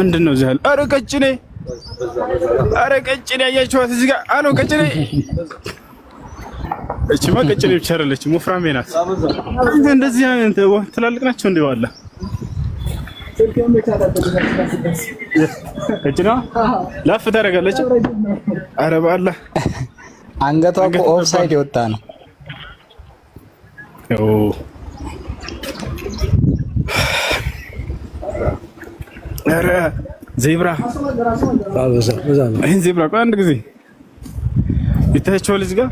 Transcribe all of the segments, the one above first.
ምንድን ነው እዚህ አረ ኧረ ቀጭኔ፣ ኧረ ቀጭኔ አያችኋት? እዚህ ጋር አሎ ቀጭኔ። እችማ ቀጭኔ ብቻ አይደለችም ወፍራሜ ናት። አንተ እንደዚህ አንተ ትላልቅ ናቸው እንደ ዋላ ቀጭኔዋ ላፍ ታደርጋለች። አረ በአላህ አንገቷ ኦፍሳይድ የወጣ ነው። ዜብራ ይህን ዜብራ ቆይ አንድ ጊዜ ይታያቸው ልጅ ጋር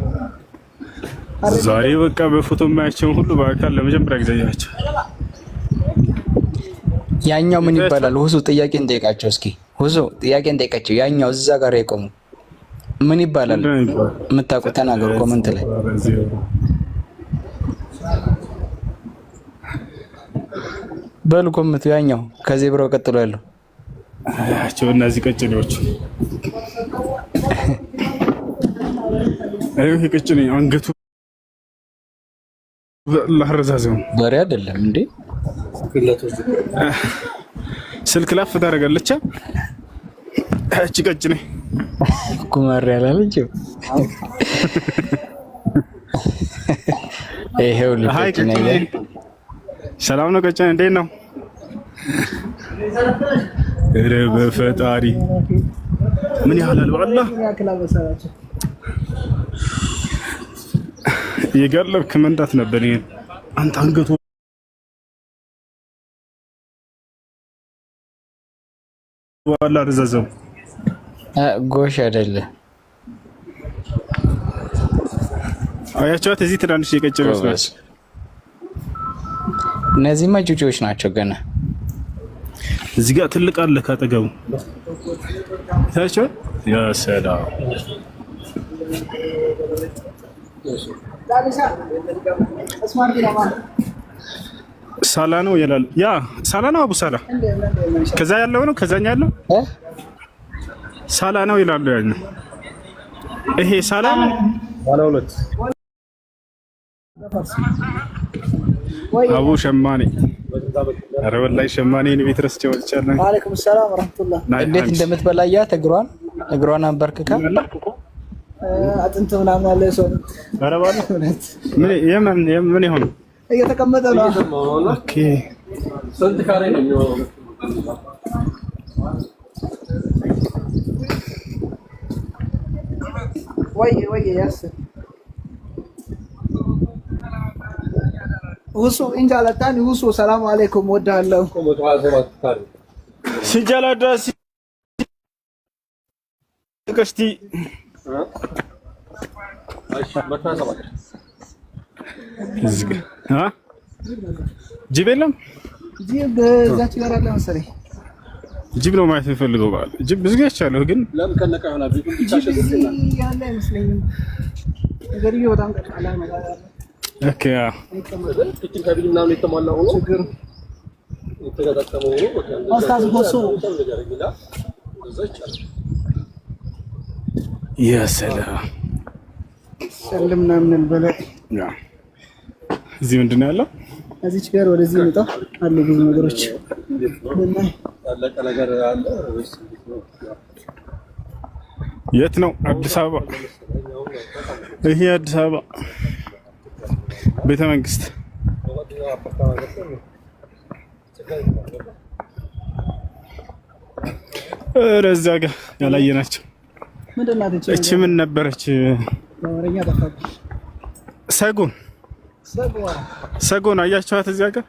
ዛሬ በቃ በፎቶ የማያቸውን ሁሉ በአካል ለመጀመሪያ ጊዜ ያቸው። ያኛው ምን ይባላል? ሁሱ ጥያቄ እንጠይቃቸው እስኪ። ሁሱ ጥያቄ እንጠይቃቸው። ያኛው እዛ ጋር የቆሙ ምን ይባላል? የምታውቁት ተናገሩ ኮመንት ላይ በሉ ኮምቱ ያኛው ከዜብራው ቀጥሎ ያለው አያቸው እነዚህ ቀጭኔዎቹ ይህ ቀጭኔ አንገቱ ላረዛዘው ዛሬ አይደለም እንዴ ስልክ ላፍ ታደርጋለች። እቺ ቀጭኔ ኩማር ያላለች ይሄው ልጅ ነኝ ሰላም ነው ቀጭን እንዴት ነው? እረ በፈጣሪ ምን ያህል አልበላ የገለብክ መንዳት ነበር። ይሄን አንተ አንገቱ ዋላ ረዘዘው ጎሽ አይደለ? አያቸዋት እዚህ ትናንሽ የቀጨ መስላች እነዚህ መጩጮች ናቸው ገና። እዚህ ጋር ትልቅ አለ ካጠገቡ ሳላ ነው ይላል። ያ ሳላ ነው አቡ ሳላ ከዛ ያለው ነው ከዛኛ ያለው ሳላ ነው ይላሉ። ያኛው ይሄ ሳላ ነው አቡ ሸማኔ ኧረ ወላሂ ሸማኔን ቤት ረስቼው ወጥቻለሁ። ወአለይኩም ሰላም ወራህመቱላህ። እንዴት እንደምትበላያት እግሯን እግሯን አንበርክካ አጥንት ምናምን አለ ሰው ምን ይሆን እየተቀመጠ ነው። ኦኬ ስንት ካሬ ነው የሚሆነው? ወይ ወይ ያስ ውሱ እንጃለታን ውሱ ሰላም አለይኩም ወዳለሁ ሲጀላዳ ሲከሽቲ ጅብ የለም። ጅብ ጋር ነው ማየት የምፈልገው በዓል ጅብ ብዙ ጊዜ አይቻለሁ፣ ግን ያለ አይመስለኝም። ኦኬ ምናምን ሰላም ምናምን በላይ እዚህ ምንድን ነው ያለው? እዚች ጋር ወደዚህ መጣ አሉ ብዙ ነገሮች የት ነው? አዲስ አበባ። ይሄ አዲስ አበባ ቤተ መንግስት እዛ ጋ ያላየናቸው እቺ ምን ነበረች? ሰጎን ሰጎን አያቸዋት። እዚያ ጋ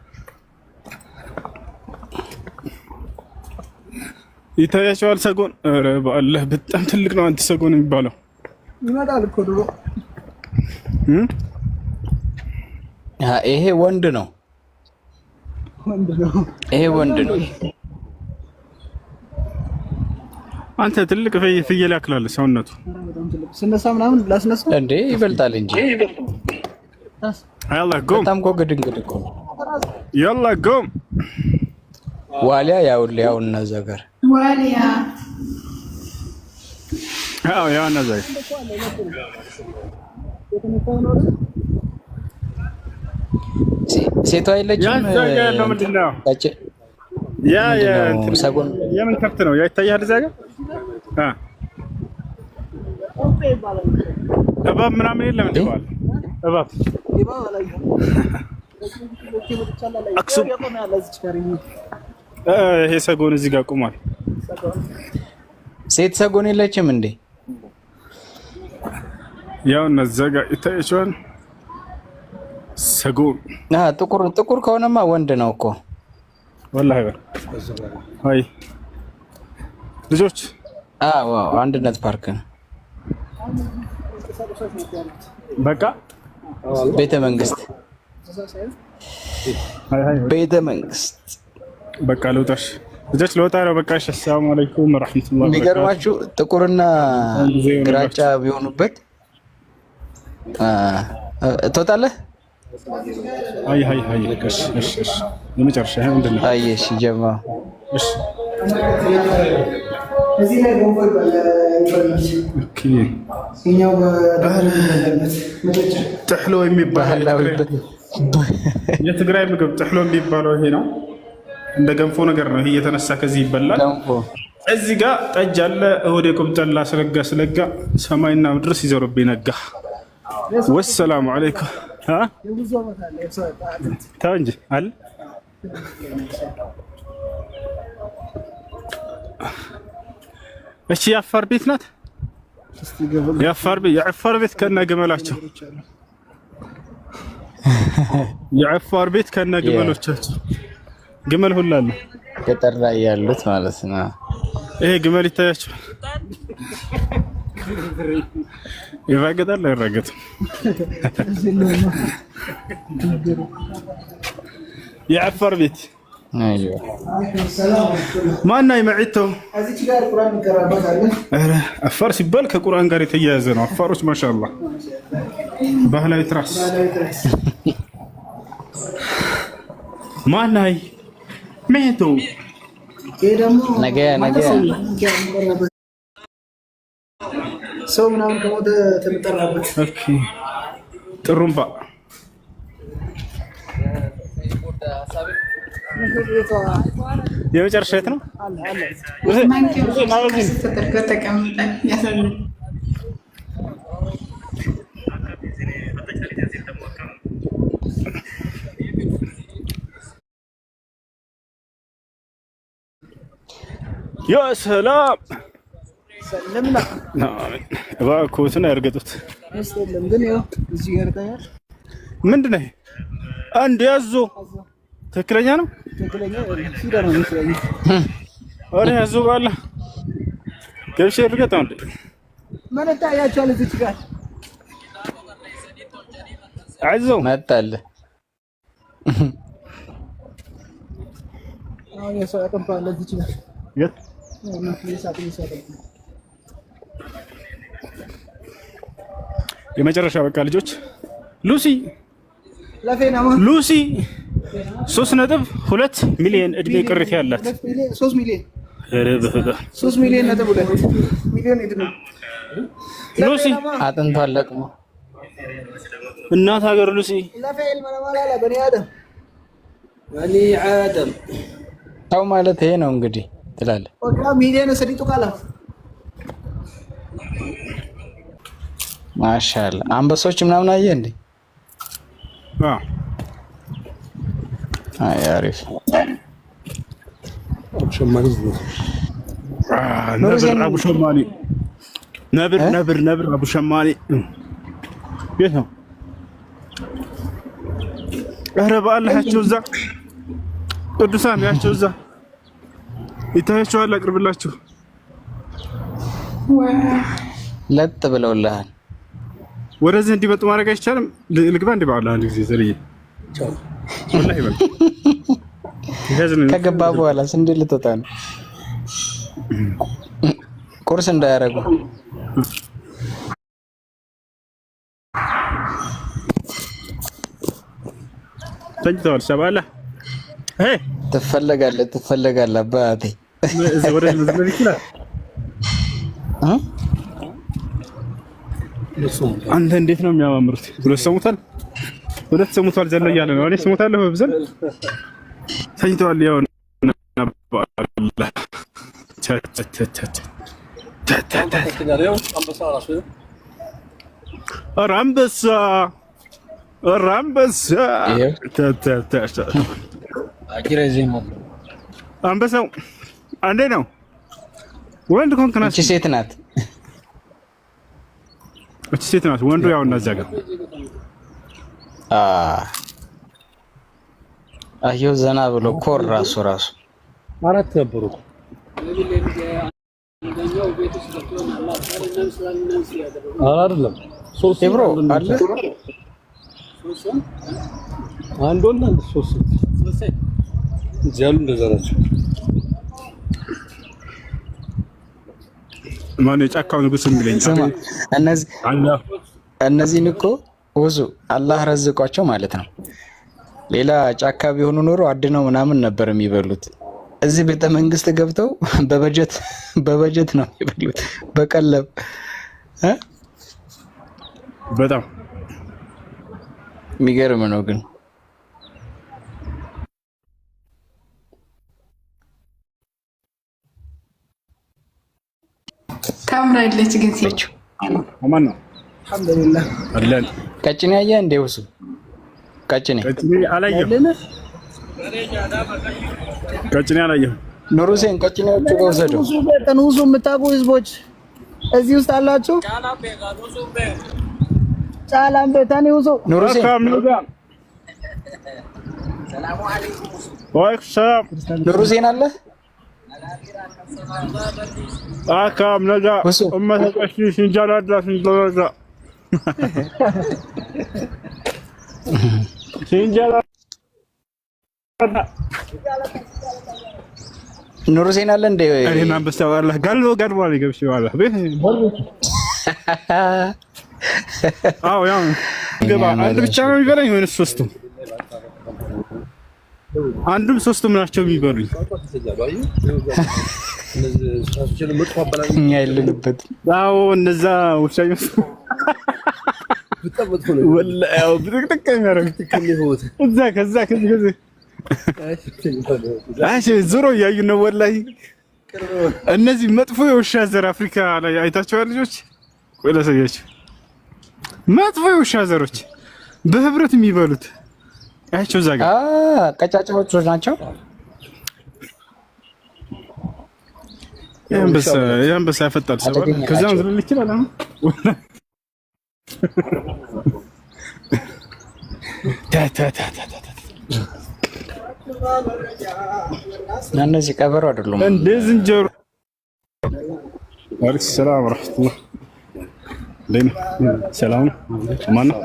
ይታያቸዋል። ሰጎን ኧረ በአላህ በጣም ትልቅ ነው። አንተ ሰጎን የሚባለው ይመጣል እኮ ድሮ ይሄ ወንድ ነው። ይሄ ወንድ ነው። አንተ ትልቅ ፍየል ያክላል ሰውነቱ። ስነሳ ምናምን ላስነሳ እንዴ ይበልጣል እንጂ ያላ ጎም በጣም እኮ ግድንግድ እኮ ያላ ጎም ዋሊያ ያውል ያው እና ዘገር ዋሊያ ያው ያው እና ዘገር ሴቷ የለችም። የምን ከብት ነው? ያ ይታያል እዚያ ጋር እባብ ምናምን የለም እባብ አክሱም ይሄ ሰጎን እዚህ ጋር ቁሟል? ሴት ሰጎን የለችም እንዴ? ያው እነዚያ ጋር ሰጎን ጥቁር ጥቁር ከሆነማ ወንድ ነው እኮ ወላሂ። አይ ልጆች አዎ፣ አንድነት ፓርክ በቃ ቤተ መንግስት ቤተ መንግስት በቃ ልውጣሽ። ልጆች ልወጣ ነው። በቃ እሺ። አሰላሙ አለይኩም ወራህመቱላሂ። የሚገርማችሁ ጥቁርና ግራጫ ቢሆኑበት ትወጣለህ አይ አይ አይ እሺ እሺ እሺ የመጨረሻ ይሄ ምንድን ነው? አይ እሺ ጀማ እሺ ላይ ኦኬ ጥሕሎ የሚባል የትግራይ ምግብ ጥሕሎ የሚባለው ይሄ ነው። እንደ ገንፎ ነገር ነው። ይሄ እየተነሳ ከዚህ ይበላል። እዚህ ጠጅ አለ። እሁዴ ቁምጠላ ስለጋ ስለጋ ሰማይና ምድርስ ይዘሩብኝ ነጋ። ወሰላሙ አለይኩም ተው እንጂ አለ እቺ የአፋር ቤት ናት። የአፋር ቤት ከነ ግመላቸው የአፋር ቤት ከነ ግመሎቻቸው ግመል ሁላለ አለ። ገጠር ላይ ያሉት ማለት ነው። ይሄ ግመል ይታያቸዋል። ይረገጣል አይረገጥም? የአፋር ቤት ማና ይመዒቶ አፋር ሲባል ከቁርአን ጋር የተያያዘ ነው። አፋሮች ማሻአላ ባህላዊ ትራስ ማናይ መቶ ነገ ነገ ሰው ምናምን ከሞተ ተምጠራበት ጥሩምባ የመጨረሻ የት ነው? ያ ሰላም እባክዎትን ያርገጡት። ምንድን ነው አንድ ያዞ ትክክለኛ ነው። ኧረ ያዞ ባላ ገብቼ እርገጥ አንድ መነጣ ያቻለ እዚህ ጋር አይዞ መጣለ የት የመጨረሻ በቃ ልጆች ሉሲ ሉሲ ሶስት ነጥብ ሁለት ሚሊዮን እድሜ ቅሪት ያላት ሉሲ አጥንቷ አለቅሞ እናት ሀገር ሉሲ ሰው ማለት ይሄ ነው እንግዲህ ትላለህ። ሚሊዮን ማሻል አንበሶች ምናምን አየህ እንዴ? አይ አሪፍ ነብር ነብር ነብር አቡሸማኔ የት ነው? ኧረ በአላህ ያቸው እዛ ቅዱሳን ያቸው እዛ ይታያቸዋል። አቅርብላችሁ ለጥ ብለውልሃል። ወደዚህ እንዲመጡ ማድረግ አይቻልም። ልግባ እንዲ ባላ አንድ ጊዜ ዘርዬ ከገባ በኋላ ስንዴ ልትወጣ ነው። ቁርስ እንዳያደርጉ ተኝተዋል። ሰባላ ትፈለጋለህ፣ ትፈለጋለህ አባቴ ወደ ይችላል አንተ እንዴት ነው የሚያማምሩት? ሁለት ሰሙታል፣ ሁለት ሰሙታል ዘለ እያለ ነው። እኔ ስሞታለሁ በብዘን ተኝተዋል። ያው ኧረ አንበሳ አንበሳው አንዴ ነው ወንድ ኮንክናት ሴት ናት። እቺ ሴት ናት። ወንዱ ያው እናዚያ ጋር አየው ዘና ብሎ ኮር ራሱ ራሱ አራት ነበሩ። አይደለም ሶስት ብሮ አለ አንድ ወንድ አንድ ሶስት ያሉ እንደዛ ናቸው። ማነው የጫካው ንጉስ የሚለኝ? እነዚህን እኮ ውዙ አላህ ረዝቋቸው ማለት ነው። ሌላ ጫካ ቢሆኑ ኖሮ አድነው ምናምን ነበር የሚበሉት። እዚህ ቤተ መንግስት ገብተው በበጀት በበጀት ነው የሚበሉት፣ በቀለብ በጣም የሚገርም ነው ግን አይደለች ግን ሲያችሁ አማን ነው። አልሐምዱሊላህ አለን። ቀጭኔ አየ እንደ ውሱ ቀጭኔ ቀጭኔ አላየሁ። ኑር ሁሴን ቀጭኔዎቹ ጋር ውሰደው። ውሱ የምታውቁ ህዝቦች እዚህ ውስጥ አላችሁ። ጫላም ቤታኒ ውሱ ኑር ሁሴን ኑር ሁሴን አለ አካም naga ummata qashi sinjar adla sinjar adla. ኑሩ ዜና አለ እንደ እኔና አንበሳው አላህ ጋሎ ጋድሞ አለ ገብሽ ዋላ ቤት አዎ፣ ያው ገባ አንድ ብቻ ነው የሚበላኝ ወይስ ሶስቱ? አንዱም ሶስቱም ናቸው የሚበሉኝ። እኛ አዎ እነዛ ዞሮ እያዩ ነው። ወላሂ እነዚህ መጥፎ የውሻ ዘር አፍሪካ ላይ አይታቸዋል። ልጆች ቆይ ላሳያቸው። መጥፎ የውሻ ዘሮች በህብረት የሚበሉት ያቸው እዛ ጋር ቀጫጫዎች ናቸው። የአንበሳ ያፈጣል ሰባል ከዚያም ዝልል ይችላል። አሁን እነዚህ ቀበሮ አይደሉም እንደ ዝንጀሮ። ዋሌኩም ሰላም ወረሕመቱላህ። ሰላም አማን ነው።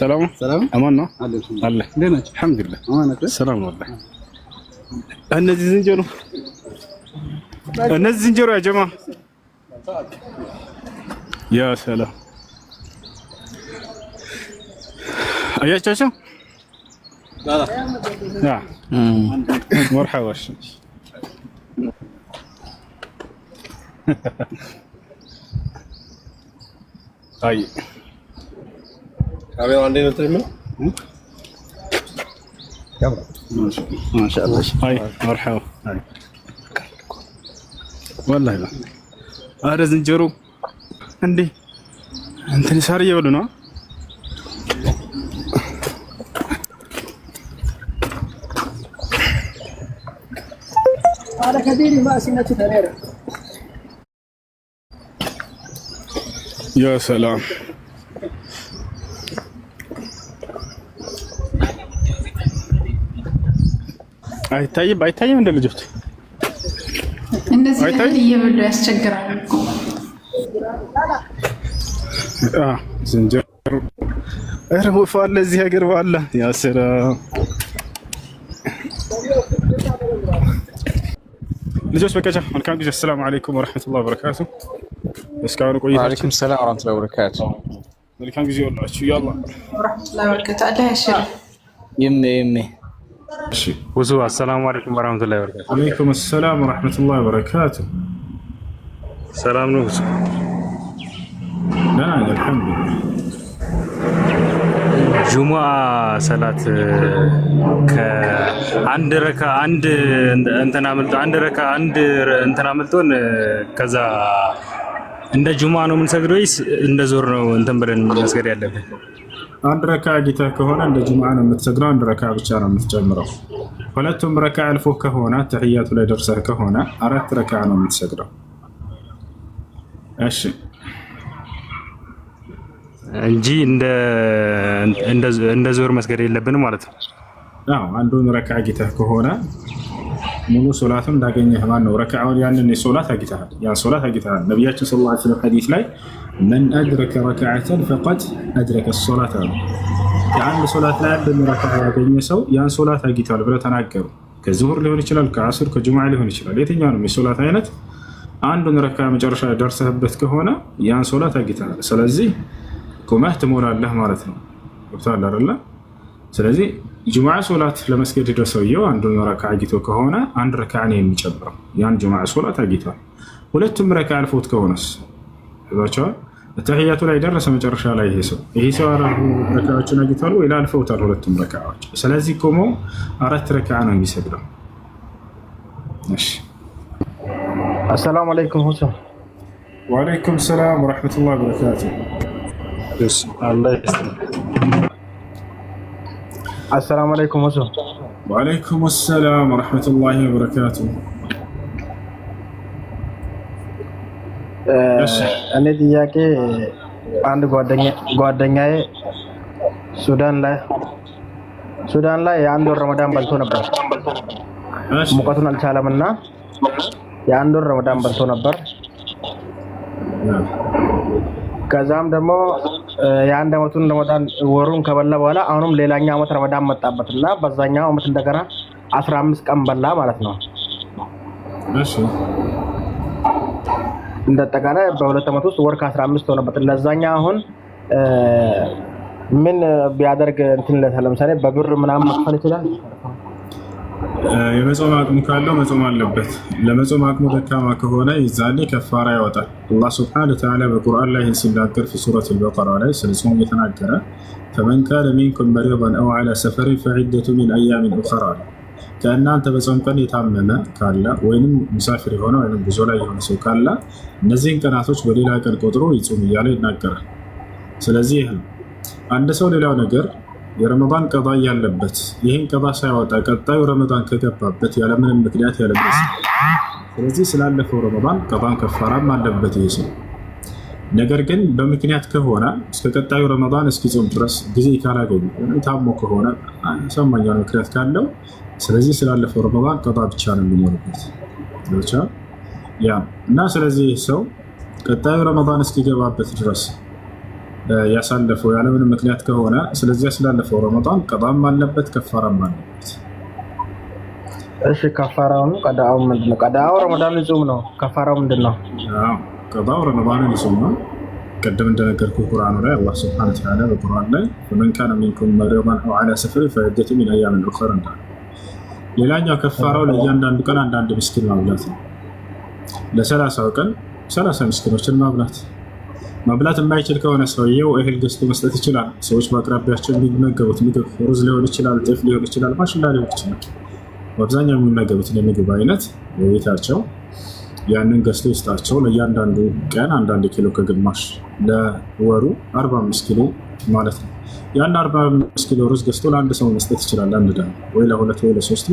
ሰላም ነው። አለ እነዚህ ዝንጀሮ እነዚህ ዝንጀሮ ያጀማ ያ ሰላም አያቻቸው መርሓባ አይ ካሜራው አንዴ ነው ትሪም ያምራል ما شاء الله هاي مرحبا والله لا هذا آه، زنجرو عندي انت نساري ولا يا سلام አይታይም አይታይም። እንደ ልጆች እነዚህ እህል እየበሉ ያስቸግራል እኮ ዝንጀሮ እርቦፋል። ለዚህ ሀገር በኋላ ያስራ ልጆች በቀጫ መልካም ጊዜ። አሰላሙ አለይኩም ወረሕመቱላሂ ወበረካቱ። እስካሁን ቆይታችሁ። ወአለይኩም ሰላም ወረሕመቱላሂ ወበረካቱ። መልካም ጊዜ ወላችሁ። ያላ ወረሕመቱላሂ ወበረካቱ። አላህ ያሽር። ይሜ ይሜ ውሱ አሰላሙ አለይኩም ወራህመቱላሂ ወበረካቱ። አለይኩም ሰላም ወራህመቱላ በረካቱ። ሰላም ነው ውሱ? ደህና አልሐምዱሊላህ። ጁሙአ ሰላት ከአንድ ረካ አንድ እንትና አምልጦ አንድ ረካ አንድ እንትና አምልጦን ከዛ እንደ ጁሙአ ነው የምንሰግደው ወይስ እንደ ዞር ነው እንትን ብለን መስገድ ያለብን? አንድ ረካ ጌታ ከሆነ እንደ ጅምዓ ነው የምትሰግደው። አንድ ረካ ብቻ ነው የምትጨምረው። ሁለቱም ረካ አልፎ ከሆነ ተሕያቱ ላይ ደርሰህ ከሆነ አራት ረካ ነው የምትሰግደው። እሺ እንጂ እንደ ዞር መስገድ የለብንም ማለት ነው። አንዱን ረካ ጌታ ከሆነ ሙሉ ሶላቱን እንዳገኘህ ማን ነው ረካውን ያንን ሶላት አጊታል ያን ሶላት አጊታል ነቢያችን ስለ ላ ስለም ሐዲስ ላይ መን አድረከ ረክዓተን ፈቀድ አድረከ ሶላት አሉ። ከአንድ ሶላት ላይ አንድ ረክዓ ያገኘ ሰው ያን ሶላት አግኝቷል ብለው ተናገሩ። ከዙሁር ሊሆን ይችላል፣ ከአሱር ከጁምዓ ሊሆን ይችላል። የትኛውንም የሶላት አይነት አንዱን ረክዓ መጨረሻ ደርሰህበት ከሆነ ያን ሶላት አግኝተሃል። ስለዚህ ቁመህ ትሞላለህ ማለት ነው። ገብቶሃል አይደለ? ስለዚህ ጁምዓ ሶላት ለመስገድ ሄደ ሰውየው አንዱን ረክዓ አግኝቶ ከሆነ አንድ ረክዓ ነው የሚጨምረው። ያን ጁምዓ ሶላት አግኝቷል። ሁለቱም ረክዓ አልፎት ከሆነስ ይዟቸዋል ተህያቱ ላይ ደረሰ። መጨረሻ ላይ ይሄ ሰው ይሄ ሰው አራቱ ረካዎችን አግኝቷል ወይ ላልፈውታል፣ ሁለቱም ረካዎች። ስለዚህ ቆሞ አራት ረካ ነው የሚሰግደው። አሰላሙ አለይኩም ሁሳ። ወአለይኩም ሰላም ወረሕመቱላሂ ወበረካቱ። አሰላሙ አለይኩም ሁሳ። ወአለይኩም ሰላም ወረሕመቱላሂ ወበረካቱ እኔ ጥያቄ አንድ ጓደኛዬ ሱዳን ላይ ሱዳን ላይ የአንድ ወር ረመዳን በልቶ ነበር። ሙቀቱን አልቻለም እና የአንድ ወር ረመዳን በልቶ ነበር። ከዛም ደግሞ የአንድ አመቱን ረመዳን ወሩን ከበላ በኋላ አሁንም ሌላኛው አመት ረመዳን መጣበት እና በዛኛው አመት እንደገና አስራ አምስት ቀን በላ ማለት ነው። እንደ አጠቃላይ በሁለት ዓመት ውስጥ ወር ከአስራ አምስት ሆነበት። ለዛኛ አሁን ምን ቢያደርግ እንትን ለምሳሌ በብር ምናምን መክፈል ይችላል። የመጾም አቅሙ ካለው መጾም አለበት። ለመጾም አቅሙ ደካማ ከሆነ ይዛኔ ከፋራ ያወጣል። አላህ ስብሐነ ወተዓላ በቁርአን ላይ ሲናገር ሱረት በቀራ ላይ ስለ ጾም የተናገረ ፈመን ካነ ሚንኩም መሪደን አው ዓላ ሰፈሪን ፈዒደቱ ሚን አያሚን ኡኸራ ከእናንተ በጾም ቀን የታመመ ካለ ወይም ሙሳፊር የሆነ ወይም ጉዞ ላይ የሆነ ሰው ካለ እነዚህን ቀናቶች በሌላ ቀን ቆጥሮ ይጹም እያለ ይናገራል። ስለዚህ ይህ አንድ ሰው። ሌላው ነገር የረመዳን ቀባ ያለበት ይህን ቀባ ሳያወጣ ቀጣዩ ረመዳን ከገባበት ያለምንም ምክንያት ያለበት ስለዚህ ስላለፈው ረመዳን ቀባን ከፋራም አለበት ይህ ሰው። ነገር ግን በምክንያት ከሆነ እስከ ቀጣዩ ረመዳን እስኪጾም ድረስ ጊዜ ካላገኙ ታሞ ከሆነ ሰማኛ ምክንያት ካለው ስለዚህ ስላለፈው ረመዳን ቀጣ ብቻ ነው የሚኖርበት ያ እና ስለዚህ ሰው ቀጣዩ ረመዳን እስኪገባበት ድረስ ያሳለፈው ያለምንም ምክንያት ከሆነ ስለዚህ ስላለፈው ረመዳን ቀጣም አለበት ከፋራም አለበት። እሺ ከፋራውን ቀዳው ምንድን ነው? ቀዳው ረመዳን ጾም ነው። ከፋራው ምንድን ነው? ቀዳው ረመዳን ጾም ነው። ቅድም እንደነገርኩ ቁርአኑ ላይ አላህ ስብሐነ ወተዓላ በቁርአን ላይ ወመን ካነ ሚንኩም መሪደን አው ዓላ ሰፈሪን ፈዒደቱን ሚን አያሚን ኡኸር እንዳለ ሌላኛው ከፋራው ለእያንዳንዱ ቀን አንዳንድ ምስኪን ማብላት ነው። ለሰላሳው ቀን ሰላሳ ምስኪኖችን ማብላት። መብላት የማይችል ከሆነ ሰውየው እህል ገዝቶ መስጠት ይችላል። ሰዎች በአቅራቢያቸው የሚመገቡት ምግብ ሩዝ ሊሆን ይችላል፣ ጤፍ ሊሆን ይችላል፣ ማሽላ ሊሆን ይችላል። በአብዛኛው የሚመገቡት የምግብ አይነት በቤታቸው ያንን ገዝቶ ይስጣቸው። ለእያንዳንዱ ቀን አንዳንድ ኪሎ ከግማሽ ለወሩ 45 ኪሎ ማለት ነው። የአንድ አርባ አምስት ኪሎ ሩዝ ገዝቶ ለአንድ ሰው መስጠት ይችላል። አንድ ዳ ወይ ለሁለት ወይ ለሶስት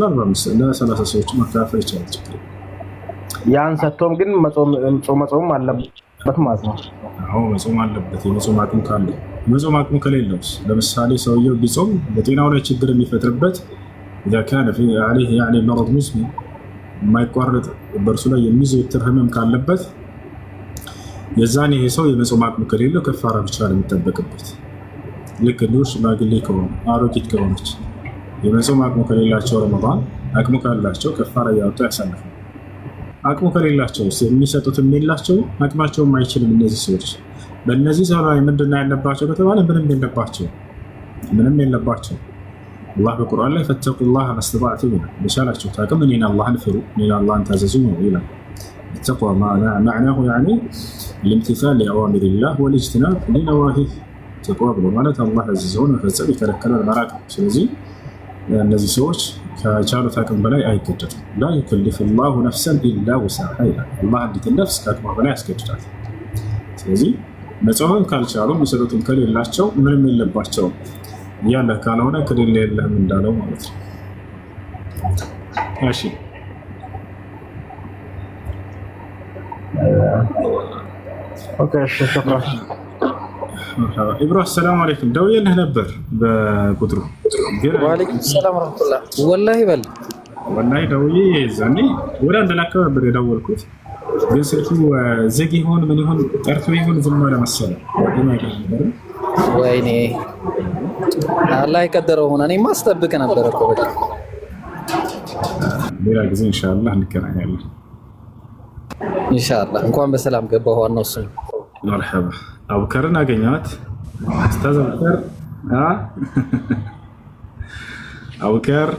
ለሰላሳ ሰዎች መካፈል ይችላል። ችግር ያን ሰጥቶም ግን መጾም አለበት ማለት ነው። አዎ መጾም አለበት። የመጾም አቅም ካለ መጾም አቅም ከሌለውስ፣ ለምሳሌ ሰውየው ቢጾም በጤናው ላይ ችግር የሚፈጥርበት ካነ ለ መረድ ሙስሚ የማይቋረጥ በእርሱ ላይ የሚዘወትር ህመም ካለበት የዛን ይሄ ሰው የመጾም አቅም ከሌለው ከፋራ ብቻ ነው የሚጠበቅበት። ልክ እንዲሁ ሽማግሌ ከሆኑ አሮጊት ከሆነች የመጾም አቅሙ ከሌላቸው ረመዳን አቅሙ ካላቸው ከፋራ እያወጡ ያሳልፉ። አቅሙ ከሌላቸው የሚሰጡት የሌላቸው አቅማቸውም አይችልም። እነዚህ ሰዎች በእነዚህ ሰው ላይ ያለባቸው ከተባለ ምንም የለባቸው፣ ምንም የለባቸው። አላህ በቁርአን ላይ ፈተቁላህ መስተጣዕቱ ይላል። በቻላችሁ አቅም እኔን አላህን ፍሩ፣ እኔን አላህን ታዘዙ ነው ይላል። ተቅዋ ማዕናሁ ያኒ ልምትሳል ሊአዋሚሪላህ ወልጅትናብ ሊነዋሂህ ተቋ ብሎ ማለት አላህ ያዘዘውን መፈጸም ይከለከላል፣ መራቅ ስለዚህ እነዚህ ሰዎች ከቻሉት አቅም በላይ አይገደዱም። ላ ዩከልፍ ላሁ ነፍሰን ኢላ ውስዐሃ ይላል። አላህ አንዲትን ነፍስ ከአቅሟ በላይ ያስገድዳል። ስለዚህ መጾምም ካልቻሉ መሰረቱም ከሌላቸው ምንም የለባቸውም። እያለ ካልሆነ ከሌለ የለም እንዳለው ማለት ነው። እሺ ኦኬ፣ እሺ ኢብሮ አሰላሙ አለይኩም ደውዬልህ ነበር። በቁጥሩ ዋለይኩም ሰላም ረቱላ ወላሂ በል ወላሂ ደውዬ ዛኔ ወደ አንድ ላከ ነበር የደወልኩት፣ ግን ስልኩ ዝግ ይሆን ምን ይሆን ጠርቶ ይሆን ዝም አለ መሰለህ። ወይኔ አላህ የቀደረው ሆነ። እኔማ አስጠብቅ ነበር እኮ ሌላ ጊዜ ኢንሻላህ እንገናኛለን። ኢንሻላህ እንኳን በሰላም ገባ ዋናው እሱ ነው። መርሐባ አቡከርን አገኘዋት። ስታዝ አቡከር አቡከር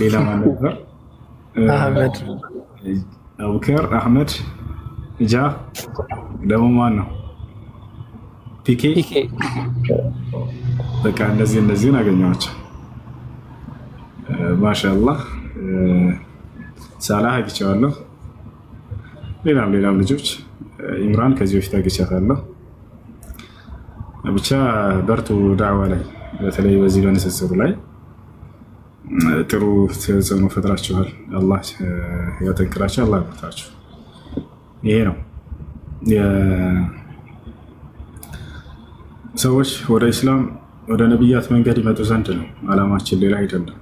ሌላ ማን ነበር? አቡከር አህመድ እጃ ደግሞ ማን ነው? ፒኬ በቃ እነዚህ እነዚህን አገኘዋቸው። ማሻላህ ሳላህ አግኝቼዋለሁ። ሌላም ሌላም ልጆች ኢምራን ከዚህ በፊት አግኝቻታለሁ። ብቻ በርቱ ዳዕዋ ላይ በተለይ በዚህ በንስስሩ ላይ ጥሩ ተጽዕኖ ፈጥራችኋል። አላህ ያጠንክራችሁ፣ አላህ ያበርታችሁ። ይሄ ነው ሰዎች ወደ ኢስላም ወደ ነቢያት መንገድ ይመጡ ዘንድ ነው አላማችን ሌላ አይደለም።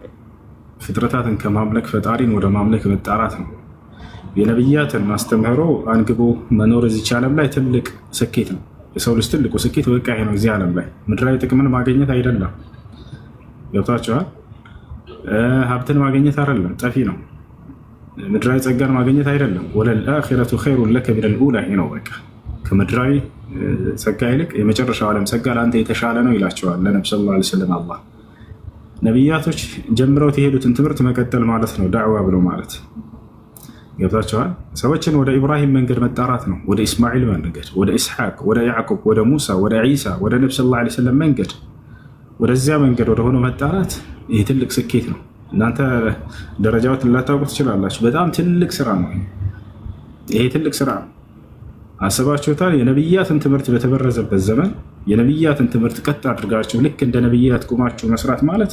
ፍጥረታትን ከማምለክ ፈጣሪን ወደ ማምለክ መጣራት ነው። የነብያትን ማስተምህሮ አንግቦ መኖር እዚች ዓለም ላይ ትልቅ ስኬት ነው። የሰው ልጅ ትልቁ ስኬት በቃ ነው። እዚህ ዓለም ላይ ምድራዊ ጥቅምን ማግኘት አይደለም። ገብቷቸዋል። ሀብትን ማግኘት አይደለም፣ ጠፊ ነው። ምድራዊ ጸጋን ማግኘት አይደለም። ወለልአኺረቱ ኸይሩን ለከ ሚነል ኡላ ነው። በቃ ከምድራዊ ጸጋ ይልቅ የመጨረሻው ዓለም ጸጋ ለአንተ የተሻለ ነው ይላቸዋል ለነብ ስ ላ ስለም አላ ነቢያቶች ጀምረውት የሄዱትን ትምህርት መቀጠል ማለት ነው። ዳዕዋ ብሎ ማለት ገብታችኋል። ሰዎችን ወደ ኢብራሂም መንገድ መጣራት ነው። ወደ ኢስማኤል መንገድ፣ ወደ ኢስሐቅ፣ ወደ ያዕቁብ፣ ወደ ሙሳ፣ ወደ ዒሳ፣ ወደ ነቢ ሰለላሁ ላ ወሰለም መንገድ፣ ወደዚያ መንገድ ወደ ሆኖ መጣራት ይህ ትልቅ ስኬት ነው። እናንተ ደረጃዎች ላታውቁ ትችላላችሁ። በጣም ትልቅ ስራ ነው። ይሄ ትልቅ ስራ ነው። አስባችሁታል? የነቢያትን ትምህርት በተበረዘበት ዘመን የነቢያትን ትምህርት ቀጥ አድርጋችሁ ልክ እንደ ነቢያት ቁማችሁ መስራት ማለት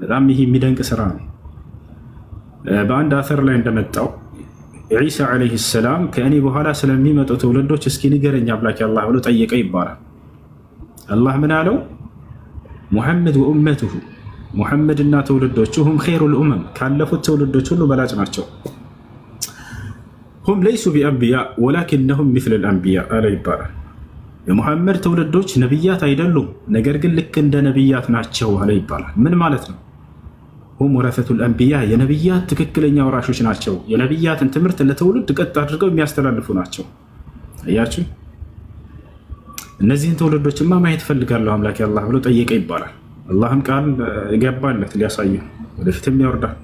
በጣም ይሄ የሚደንቅ ስራ ነው። በአንድ አተር ላይ እንደመጣው ዒሳ ዓለይሂ ሰላም ከእኔ በኋላ ስለሚመጡ ትውልዶች እስኪ ንገረኝ አምላኪ አላህ ብሎ ጠየቀ ይባላል። አላህ ምን አለው? ሙሐመድ ወኡመትሁ ሙሐመድና ትውልዶቹ ሁም ኸይሩል ኡመም ካለፉት ትውልዶች ሁሉ በላጭ ናቸው። ሁም ለይሱ ቢአንቢያ ወላኪነሁም ሚስለል አንቢያ አለ ይባላል። የሙሐመድ ትውልዶች ነቢያት አይደሉም፣ ነገር ግን ልክ እንደ ነቢያት ናቸው አለ ይባላል። ምን ማለት ነው? ሁም ወረፈቱል አንቢያ የነቢያት ትክክለኛ ወራሾች ናቸው። የነቢያትን ትምህርት ለትውልድ ቀጥ አድርገው የሚያስተላልፉ ናቸው። አያችሁ፣ እነዚህን ትውልዶችማ ማየት እፈልጋለሁ አምላኬ አላህ ብሎ ጠየቀ ይባላል። አላህም ቃል ገባለት ሊያሳዩ ወደፊትም ያወርዳል።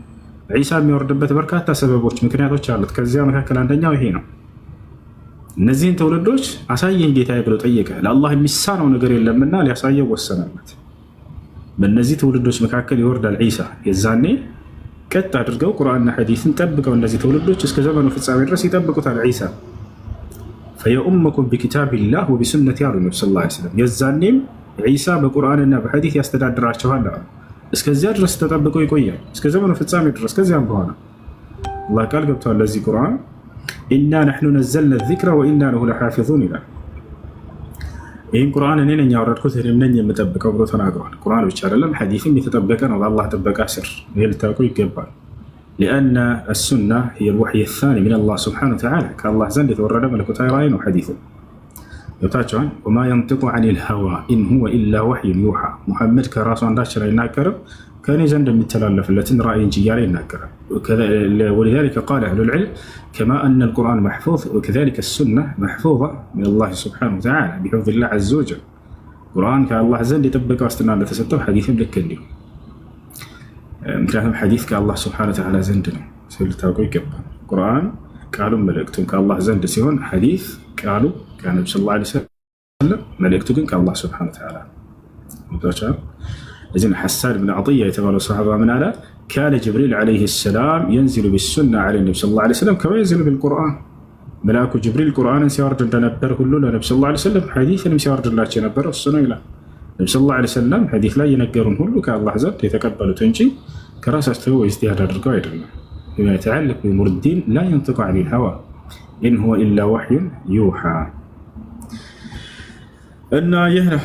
ዒሳ የሚያወርድበት በርካታ ሰበቦች፣ ምክንያቶች አሉት። ከዚያ መካከል አንደኛው ይሄ ነው። እነዚህን ትውልዶች አሳየኝ ጌታዬ ብሎ ጠየቀ። ለአላህ የሚሳነው ነገር የለምና ሊያሳየው ወሰነለት። በእነዚህ ትውልዶች መካከል ይወርዳል ዒሳ። የዛኔ ቀጥ አድርገው ቁርአንና ሐዲስን ጠብቀው እነዚህ ትውልዶች እስከ ዘመኑ ፍጻሜ ድረስ ይጠብቁታል ዒሳ። ፈየኡመኩም ቢኪታቢላህ ወቢሱነት ያሉ ነብ ስ ስለም የዛኔም ዒሳ በቁርአንና በሐዲስ ያስተዳድራቸዋል አሉ። እስከዚያ ድረስ ተጠብቀው ይቆያል፣ እስከ ዘመኑ ፍጻሜ ድረስ። ከዚያም በኋላ አላህ ቃል ገብተዋል ለዚህ ቁርአን ኢና ናሕኑ ነዘልና ዚክረ ወኢና ለሁ ለሓፊዙን ይላል ይህን ቁርአን እኔ ነኝ ያወረድኩትም ነኝ የምጠብቀው ብሎ ተናግሯል። ቁርአን ብቻ አይደለም ሐዲስም የተጠበቀ ነው በአላህ ጥበቃ ስር። ይህ ልታውቁ ይገባል። ሊአነ አሱና ሂየ ልወሕይ ታኒ ምን አላህ ስብሓነሁ ወተዓላ ከአላህ ዘንድ የተወረደ መለኮታዊ ራእይ ነው። ሐዲሱ ገብታችኋል። ወማ የንጢቁ አን ልሀዋ ኢን ሁወ ኢላ ወሕዩን ዩሓ ሙሐመድ ከራሱ አንዳችን አይናገርም ከእኔ ዘንድ የሚተላለፍለትን ራእይ እንጂ እያለ ይናገራል። ወሊዛሊከ ቃለ አህሉ ልዕልም ከማ አነ ልቁርአን መሕፉዝ ወከዛሊከ ሱና መሕፉዛ ምን ላህ ስብሓነሁ ወተዓላ ቢሑፍዝላህ ዐዘ ወጀል ቁርአን ከአላህ ዘንድ የጠበቀ ዋስትና እንደተሰጠው ሐዲስም ልክ እንዲሁ። ምክንያቱም ሐዲስ ከአላህ ስብሓነሁ ወተዓላ ዘንድ ነው ሲል ልታውቀው ይገባል። ቁርአን ቃሉም መልእክቱም ከአላህ ዘንድ ሲሆን ሐዲስ ቃሉ ከነቢ ስ ላ ሰለም መልእክቱ ግን ከአላህ ስብሓነሁ ወተዓላ ነው لازم حسان بن عطية يتولى الصحابة من آله كان جبريل عليه السلام ينزل بالسنة على النبي صلى الله عليه وسلم كما ينزل بالقرآن መላኩ ጅብሪል ቁርአንን ሲያወርድ እንደነበር ሁሉ ለነብ ስ ላ ሰለም ሐዲስንም ሲያወርድላቸው የነበረው እሱ ነው ይላል። ነብ ስ ላ ሰለም ሐዲስ ላይ የነገሩን ሁሉ ከአላህ ዘንድ የተቀበሉት እንጂ ከራሳቸው ኢጅቲሃድ አድርገው አይደለም። ቢማ የተዓለቅ ቢሙርዲን ላ የንጥቁ ዐን ልሀዋ ኢን ሁወ ኢላ ወሕዩን ዩሓ እና ይህ ነው